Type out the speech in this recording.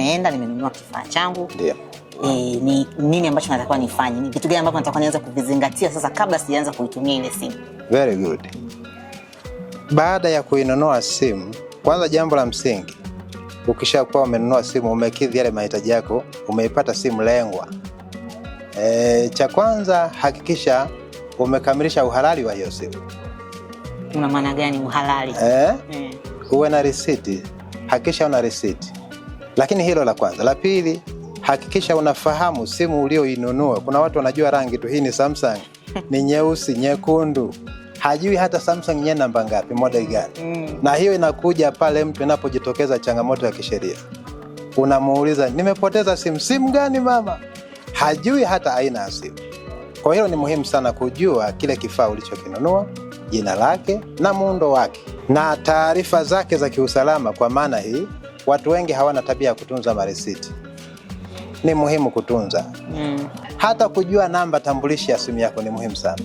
nimeenda nimenunua kifaa changu yeah. E, ni nini ambacho natakiwa nifanye, ni kitu gani ambacho natakiwa nianza kuvizingatia sasa kabla sijaanza kuitumia ile simu? Very good. Baada ya kuinunua simu, kwanza jambo la msingi, ukishakuwa umenunua simu, umekidhi yale mahitaji yako, umeipata simu lengwa. E, cha kwanza hakikisha umekamilisha uhalali wa hiyo simu. Una maana gani uhalali? Eh? mm. Uwe na risiti, hakikisha una risiti lakini hilo la kwanza. La pili, hakikisha unafahamu simu ulioinunua. Kuna watu wanajua rangi tu, hii ni Samsung, ni nyeusi, nyekundu hajui hata Samsung yenyewe namba ngapi, model gani. Mm. Na hiyo inakuja pale mtu inapojitokeza changamoto ya kisheria, unamuuliza nimepoteza simu, simu gani mama? Hajui hata aina ya simu. Kwa hiyo ni muhimu sana kujua kile kifaa ulichokinunua, jina lake na muundo wake na taarifa zake za kiusalama, kwa maana hii Watu wengi hawana tabia ya kutunza marisiti. Ni muhimu kutunza mm. Hata kujua namba tambulishi ya simu yako ni muhimu sana.